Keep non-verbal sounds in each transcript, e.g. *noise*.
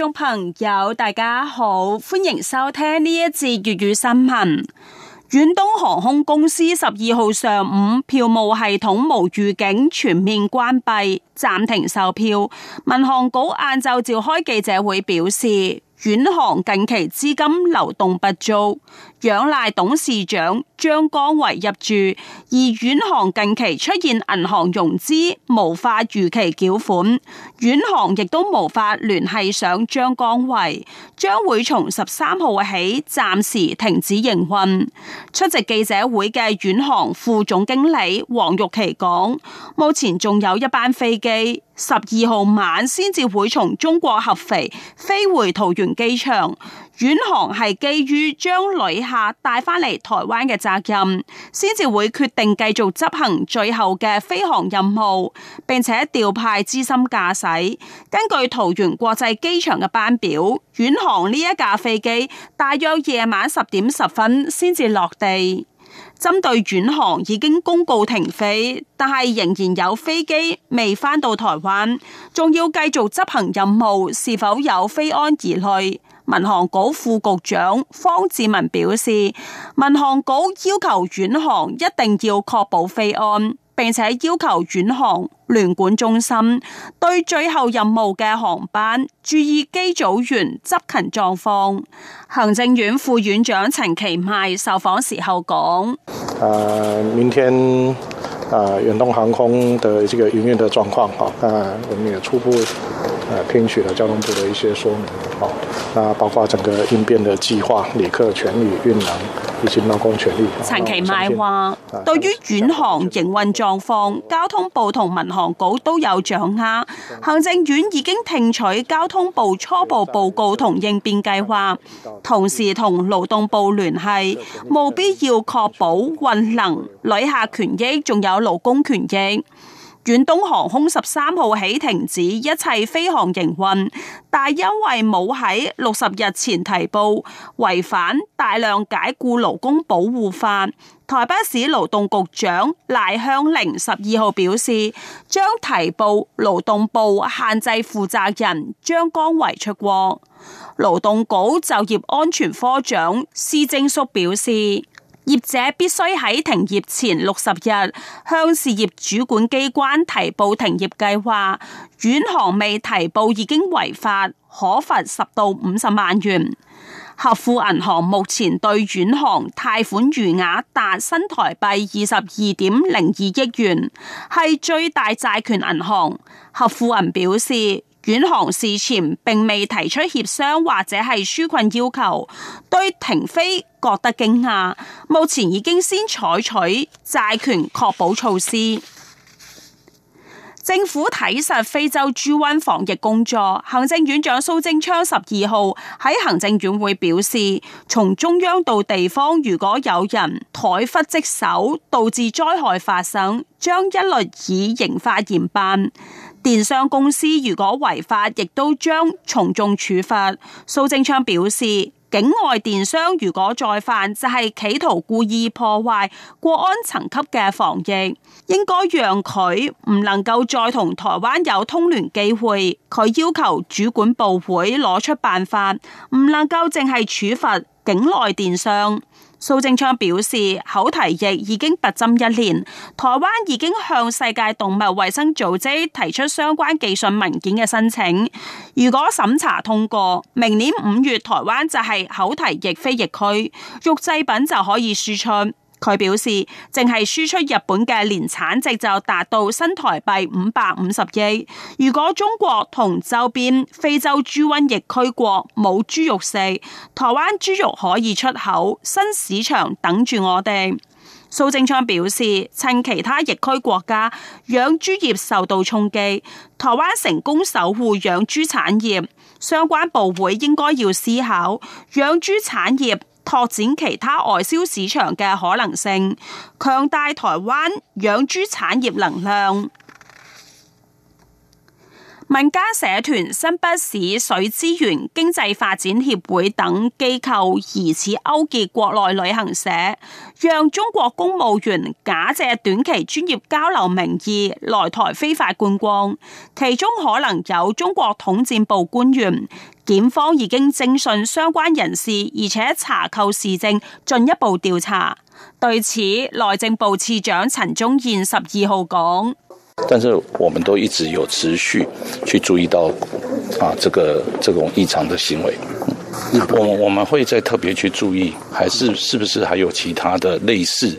聽眾朋友，大家好，歡迎收聽呢一節粵語新聞。遠東航空公司十二號上午票務系統無預警全面關閉，暫停售票。民航局晏晝召開記者會，表示遠航近期資金流動不足。仰賴董事長張綱維入住，而遠航近期出現銀行融資無法如期繳款，遠航亦都無法聯繫上張綱維，將會從十三號起暫時停止營運。出席記者會嘅遠航副總經理黃玉琪講，目前仲有一班飛機，十二號晚先至會從中國合肥飛回桃園機場。遠航係基於將旅客帶返嚟台灣嘅責任，先至會決定繼續執行最後嘅飛航任務，並且調派資深駕駛。根據桃園國際機場嘅班表，遠航呢一架飛機大約夜晚十點十分先至落地。針對遠航已經公告停飛，但係仍然有飛機未返到台灣，仲要繼續執行任務，是否有飛安疑慮？民航局副局長方志文表示，民航局要求遠航一定要確保飛安，並且要求遠航聯管中心對最後任務嘅航班注意機組員執勤狀況。行政院副院長陳其邁受訪時候講，誒、啊，明天誒啊、遠東航空的這個營運嘅狀況，哈，啊，我們也初步。呃，聽、啊、取了交通部的一些說明，哦、啊，包括整個應變的計劃、旅客權益、運能以及勞工權利。陳其邁話先，啊、對於遠航營運狀況，交通部同民航局都有掌握。行政院已經聽取交通部初步報告同應變計劃，同時同勞動部聯繫，務必要確保運能、旅客權益仲有勞工權益。遠東航空十三號起停止一切飛航營運，但因為冇喺六十日前提報，違反大量解僱勞工保護法。台北市勞動局長賴香伶十二號表示，將提報勞動部限制負責人張綱維出國。勞動局就業安全科長施正叔表示。業者必須喺停業前六十日向事業主管機關提報停業計劃，遠航未提報已經違法，可罰十到五十萬元。合富銀行目前對遠航貸款餘額達新台幣二十二點零二億元，係最大債權銀行。合富人表示。遠航事前並未提出協商或者係紓困要求，對停飛覺得驚訝。目前已經先採取債權確保措施。 *noise* 政府睇實非洲豬瘟防疫工作，行政院長蘇貞昌十二號喺行政院會表示，從中央到地方，如果有人怠忽職守，導致災害發生，將一律以刑法嚴辦。電商公司如果違法，亦都將從重處罰。蘇貞昌表示，境外電商如果再犯，就係、是、企圖故意破壞國安層級嘅防疫，應該讓佢唔能夠再同台灣有通聯機會。佢要求主管部會攞出辦法，唔能夠淨係處罰境內電商。蘇貞昌表示，口蹄疫已經拔針一年，台灣已經向世界動物衛生組織提出相關技術文件嘅申請。如果審查通過，明年五月台灣就係口蹄疫非疫區，肉製品就可以輸出。佢表示，淨係輸出日本嘅年產值就達到新台幣五百五十億。如果中國同周邊非洲豬瘟疫區國冇豬肉食，台灣豬肉可以出口新市場，等住我哋。蘇貞昌表示，趁其他疫區國家養豬業受到衝擊，台灣成功守護養豬產業，相關部會應該要思考養豬產業。拓展其他外銷市場嘅可能性，強大台灣養豬產業能量。民家社團、新北市水資源經濟發展協會等機構疑似勾結國內旅行社，讓中國公務員假借短期專業交流名義來台非法觀光，其中可能有中國統戰部官員。檢方已經徵詢相關人士，而且查扣事證，進一步調查。對此，內政部次長陳宗彥十二號講。但是，我們都一直有持續去注意到，啊，這個這種異常的行為。我我們會再特別去注意，還是是不是還有其他的類似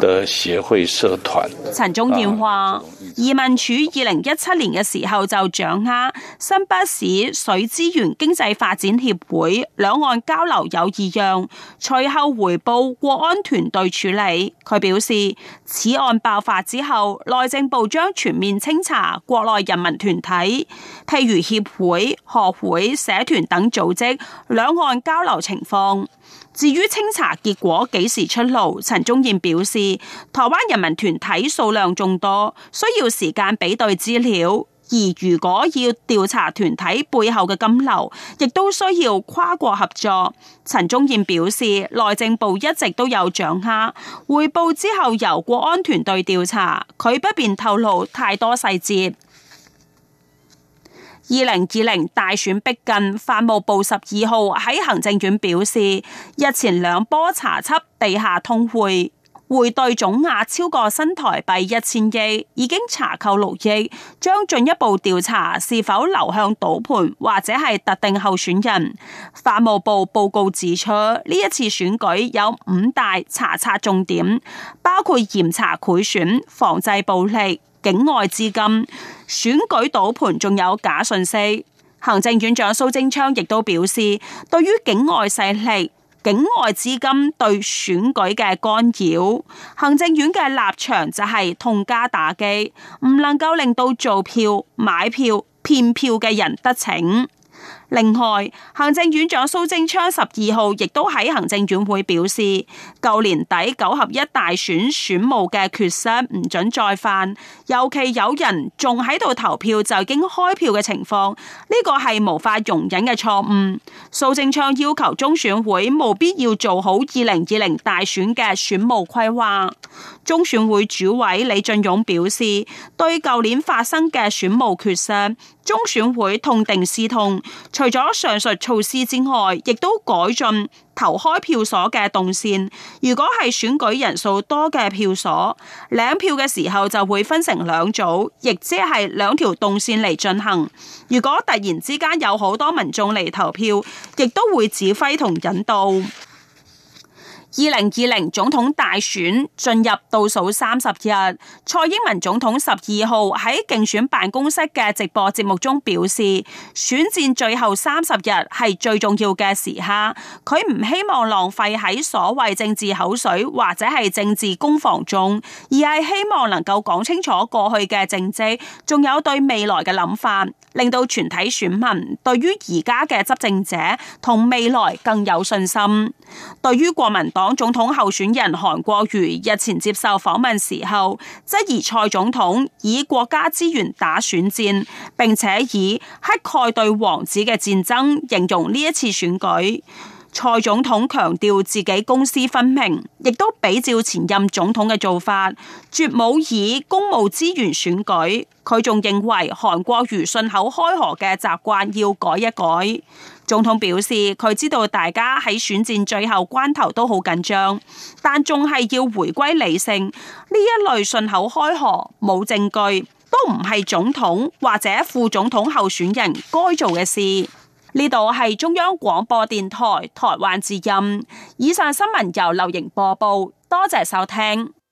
的協會社團？陳宗彥話，移民署二零一七年嘅時候就掌握新北市水資源經濟發展協會兩岸交流有異樣，隨後回報國安團隊處理。佢表示，此案爆發之後，內政部將全面清查國內人民團體，譬如協會、學會、社團等組織。兩岸交流情況，至於清查結果幾時出爐？陳宗彥表示，台灣人民團體數量眾多，需要時間比對資料，而如果要調查團體背後嘅金流，亦都需要跨國合作。陳宗彥表示，內政部一直都有掌握，匯報之後由國安團隊調查，佢不便透露太多細節。二零二零大選逼近，法務部十二號喺行政院表示，日前兩波查緝地下通匯，匯兌總額超過新台幣一千億，已經查扣六億，將進一步調查是否流向賭盤或者係特定候選人。法務部報告指出，呢一次選舉有五大查察重點，包括嚴查賄選、防制暴力。境外資金、選舉賭盤仲有假訊息。行政院長蘇貞昌亦都表示，對於境外勢力、境外資金對選舉嘅干擾，行政院嘅立場就係痛加打擊，唔能夠令到做票、買票、騙票嘅人得逞。另外，行政院長蘇貞昌十二號亦都喺行政院會表示，舊年底九合一大選選務嘅缺失唔准再犯，尤其有人仲喺度投票就已經開票嘅情況，呢個係無法容忍嘅錯誤，蘇貞昌要求中選會務必要做好二零二零大選嘅選務規劃，中選會主委李進勇表示，對舊年發生嘅選務缺失，中選會痛定思痛。除咗上述措施之外，亦都改進投開票所嘅動線，如果係選舉人數多嘅票所，領票嘅時候就會分成兩組，亦即係兩條動線嚟進行。如果突然之間有好多民眾嚟投票，亦都會指揮同引導。二零二零總統大選進入倒數三十日，蔡英文總統十二號喺競選辦公室嘅直播節目中表示，選戰最後三十日係最重要嘅時刻，佢唔希望浪費喺所謂政治口水或者係政治攻防中，而係希望能夠講清楚過去嘅政績，仲有對未來嘅諗法，令到全體選民對於而家嘅執政者同未來更有信心。對於國民黨港總統候選人韓國瑜日前接受訪問時候，質疑蔡總統以國家資源打選戰，並且以乞丐對王子嘅戰爭形容呢一次選舉。蔡總統強調自己公私分明，亦都比照前任總統嘅做法，絕冇以公務資源選舉。佢仲認為韓國瑜信口開河嘅習慣要改一改。總統表示佢知道大家喺選戰最後關頭都好緊張，但仲係要回歸理性。呢一類信口開河冇證據，都唔係總統或者副總統候選人該做嘅事。呢度係中央廣播電台台灣之音。以上新聞由劉瑩播報，多謝收聽。